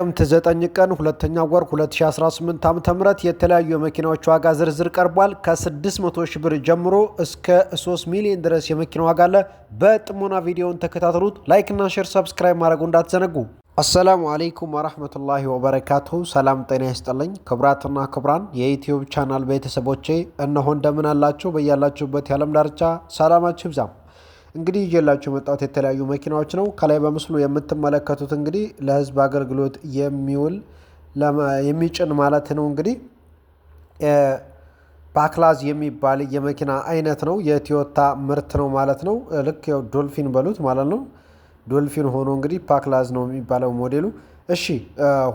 ጥቅምት 9 ቀን ሁለተኛ ወር 2018 ዓ.ም የተለያዩ የመኪናዎች ዋጋ ዝርዝር ቀርቧል። ከ600 ሺህ ብር ጀምሮ እስከ 3 ሚሊዮን ድረስ የመኪና ዋጋ አለ። በጥሞና ቪዲዮውን ተከታተሉት። ላይክ እና ሼር፣ ሰብስክራይብ ማድረጉ እንዳትዘነጉ። አሰላሙ አለይኩም ወራህመቱላሂ ወበረካቱ ሰላም ጤና ይስጥልኝ ክብራትና ክብራን የዩትዩብ ቻናል ቤተሰቦቼ፣ እነሆ እንደምን አላችሁ? በያላችሁበት የዓለም ዳርቻ ሰላማችሁ ይብዛም እንግዲህ ይዤላችሁ መጣት የተለያዩ መኪናዎች ነው። ከላይ በምስሉ የምትመለከቱት እንግዲህ ለህዝብ አገልግሎት የሚውል የሚጭን ማለት ነው እንግዲህ ባክላዝ የሚባል የመኪና አይነት ነው። የቶዮታ ምርት ነው ማለት ነው። ልክ ዶልፊን በሉት ማለት ነው። ዶልፊን ሆኖ እንግዲህ ፓክላዝ ነው የሚባለው ሞዴሉ። እሺ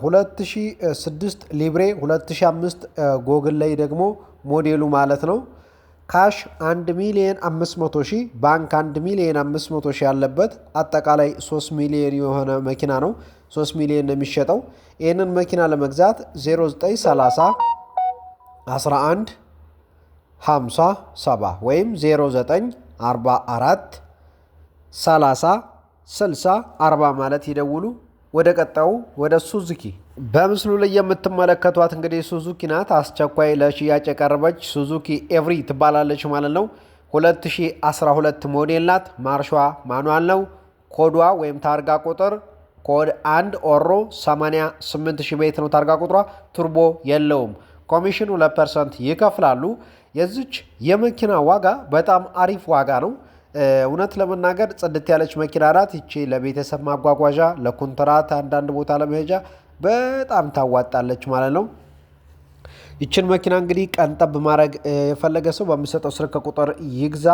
2006 ሊብሬ 2005 ጎግል ላይ ደግሞ ሞዴሉ ማለት ነው። ካሽ 1 ሚሊዮን 500 ሺህ ባንክ 1 ሚሊዮን 500 ሺህ ያለበት አጠቃላይ 3 ሚሊዮን የሆነ መኪና ነው። 3 ሚሊዮን ነው የሚሸጠው። ይህንን መኪና ለመግዛት 0930 11 50 57 ወይም 0944 30 60 40 ማለት ይደውሉ። ወደ ቀጣው ወደ ሱዙኪ በምስሉ ላይ የምትመለከቷት እንግዲህ ሱዙኪ ናት። አስቸኳይ ለሽያጭ የቀረበች ሱዙኪ ኤቭሪ ትባላለች ማለት ነው። 2012 ሞዴል ናት። ማርሿ ማኑዋል ነው። ኮዷ ወይም ታርጋ ቁጥር ኮድ አንድ ኦሮ 88000 ቤት ነው ታርጋ ቁጥሯ። ቱርቦ የለውም። ኮሚሽን 2 ይከፍላሉ። የዚች የመኪና ዋጋ በጣም አሪፍ ዋጋ ነው። እውነት ለመናገር ጽድት ያለች መኪና ናት። ይቺ ለቤተሰብ ማጓጓዣ፣ ለኮንትራት አንዳንድ ቦታ ለመሄጃ በጣም ታዋጣለች ማለት ነው። ይችን መኪና እንግዲህ ቀንጠብ ማድረግ የፈለገ ሰው በሚሰጠው ስልክ ቁጥር ይግዛ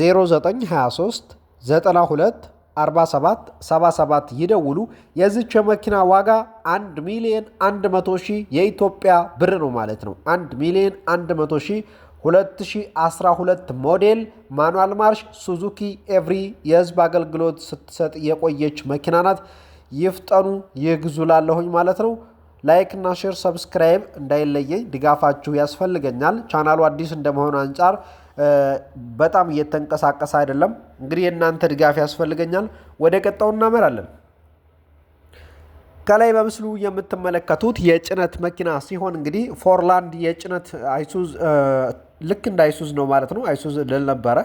0923 92 47 77 ይደውሉ። የዚች የመኪና ዋጋ 1 ሚሊዮን 100 ሺህ የኢትዮጵያ ብር ነው ማለት ነው። 1 ሚሊዮን 100 ሺህ 2012 ሞዴል ማኑዋል ማርሽ ሱዙኪ ኤቭሪ የህዝብ አገልግሎት ስትሰጥ የቆየች መኪና ናት። ይፍጠኑ ይግዙ ላለሁኝ ማለት ነው። ላይክ እና ሼር ሰብስክራይብ እንዳይለየኝ፣ ድጋፋችሁ ያስፈልገኛል። ቻናሉ አዲስ እንደመሆኑ አንጻር በጣም እየተንቀሳቀሰ አይደለም። እንግዲህ የእናንተ ድጋፍ ያስፈልገኛል። ወደ ቀጣው እናመራለን። ከላይ በምስሉ የምትመለከቱት የጭነት መኪና ሲሆን እንግዲህ ፎርላንድ የጭነት አይሱዝ ልክ እንደ አይሱዝ ነው ማለት ነው። አይሱዝ ልል ነበረ።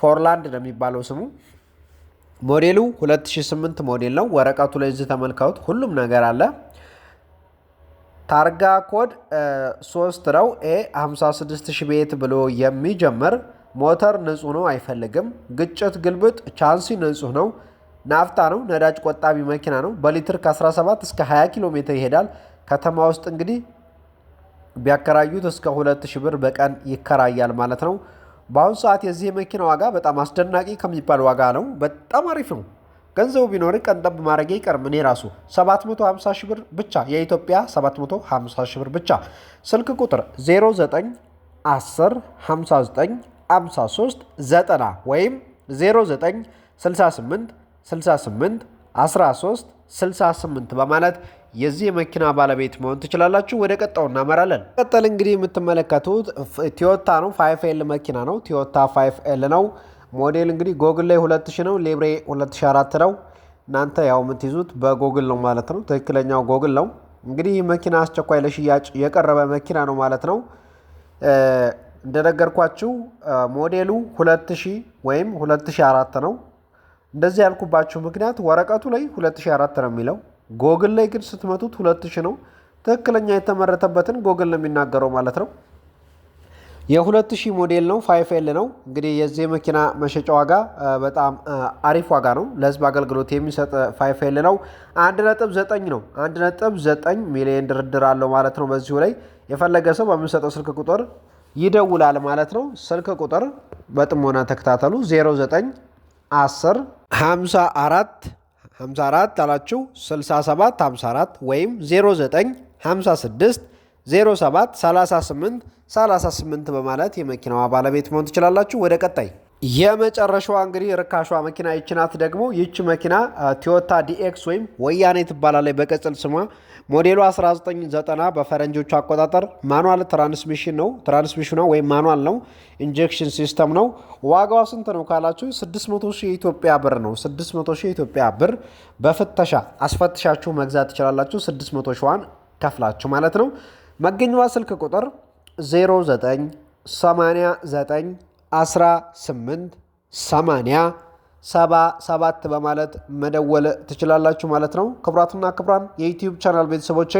ፎርላንድ ነው የሚባለው ስሙ። ሞዴሉ 2008 ሞዴል ነው። ወረቀቱ ላይ እዚህ ተመልከቱት፣ ሁሉም ነገር አለ። ታርጋ ኮድ 3 ነው። ኤ 56000 ቤት ብሎ የሚጀምር ሞተር ንጹህ ነው፣ አይፈልግም ግጭት፣ ግልብጥ፣ ቻንሲ ንጹህ ነው። ናፍጣ ነው። ነዳጅ ቆጣቢ መኪና ነው። በሊትር ከ17 እስከ 20 ኪሎ ሜትር ይሄዳል። ከተማ ውስጥ እንግዲህ ቢያከራዩት እስከ 2000 ብር በቀን ይከራያል ማለት ነው። በአሁኑ ሰዓት የዚህ መኪና ዋጋ በጣም አስደናቂ ከሚባል ዋጋ ነው። በጣም አሪፍ ነው። ገንዘቡ ቢኖር ቀንጠብ ማድረግ አይቀርም። እኔ ራሱ 750 ሺህ ብር ብቻ የኢትዮጵያ 750 ሺህ ብር ብቻ። ስልክ ቁጥር 0910 59 53 90 ወይም 0968 68 13 68 በማለት የዚህ የመኪና ባለቤት መሆን ትችላላችሁ። ወደ ቀጣው እናመራለን። ቀጠል እንግዲህ የምትመለከቱት ቲዮታ ነው። ፋይፍ ኤል መኪና ነው። ቶዮታ ፋይፍ ኤል ነው። ሞዴል እንግዲህ ጎግል ላይ 2000 ነው። ሌብሬ 2004 ነው። እናንተ ያው የምትይዙት በጎግል ነው ማለት ነው። ትክክለኛው ጎግል ነው። እንግዲህ መኪና አስቸኳይ ለሽያጭ የቀረበ መኪና ነው ማለት ነው። እንደነገርኳችሁ ሞዴሉ 2000 ወይም 2004 ነው። እንደዚህ ያልኩባችሁ ምክንያት ወረቀቱ ላይ 2004 ነው የሚለው፣ ጎግል ላይ ግን ስትመቱት 2000 ነው። ትክክለኛ የተመረተበትን ጎግል ነው የሚናገረው ማለት ነው። የ2000 ሞዴል ነው፣ ፋይፍ ኤል ነው። እንግዲህ የዚህ መኪና መሸጫ ዋጋ በጣም አሪፍ ዋጋ ነው። ለህዝብ አገልግሎት የሚሰጥ ፋይፍ ኤል ነው። 1.9 ነው፣ 1.9 ሚሊዮን ድርድር አለው ማለት ነው። በዚሁ ላይ የፈለገ ሰው በምንሰጠው ስልክ ቁጥር ይደውላል ማለት ነው። ስልክ ቁጥር በጥሞና ተከታተሉ 09 10 ሀምሳ አራት ሀምሳ አራት አላችሁ ስልሳ ሰባት ሀምሳ አራት ወይም ዜሮ ዘጠኝ ሀምሳ ስድስት ዜሮ ሰባት ሰላሳ ስምንት ሰላሳ ስምንት በማለት የመኪናዋ ባለቤት መሆን ትችላላችሁ። ወደ ቀጣይ የመጨረሻዋ እንግዲህ ርካሿ መኪና ይችናት። ደግሞ ይቺ መኪና ቶዮታ ዲኤክስ ወይም ወያኔ ትባላለች በቅጽል ስሟ ሞዴሉ 1990 በፈረንጆቹ አቆጣጠር ማኑዋል ትራንስሚሽን ነው ትራንስሚሽኗ ወይም ማኑዋል ነው ኢንጀክሽን ሲስተም ነው። ዋጋዋ ስንት ነው ካላችሁ 600 ሺህ ኢትዮጵያ ብር ነው። 600 ሺህ ኢትዮጵያ ብር በፍተሻ አስፈትሻችሁ መግዛት ትችላላችሁ። 600 ሺዋን ከፍላችሁ ማለት ነው። መገኘዋ ስልክ ቁጥር 0989 18 80 ሰባ ሰባት በማለት መደወል ትችላላችሁ ማለት ነው። ክቡራትና ክቡራን የዩቲዩብ ቻናል ቤተሰቦቼ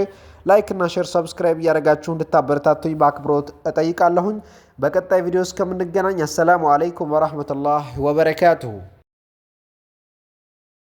ላይክ እና ሼር፣ ሰብስክራይብ እያደረጋችሁ እንድታበረታቱኝ በአክብሮት እጠይቃለሁኝ። በቀጣይ ቪዲዮ እስከምንገናኝ አሰላሙ አለይኩም ወራህመቱላህ ወበረካቱሁ።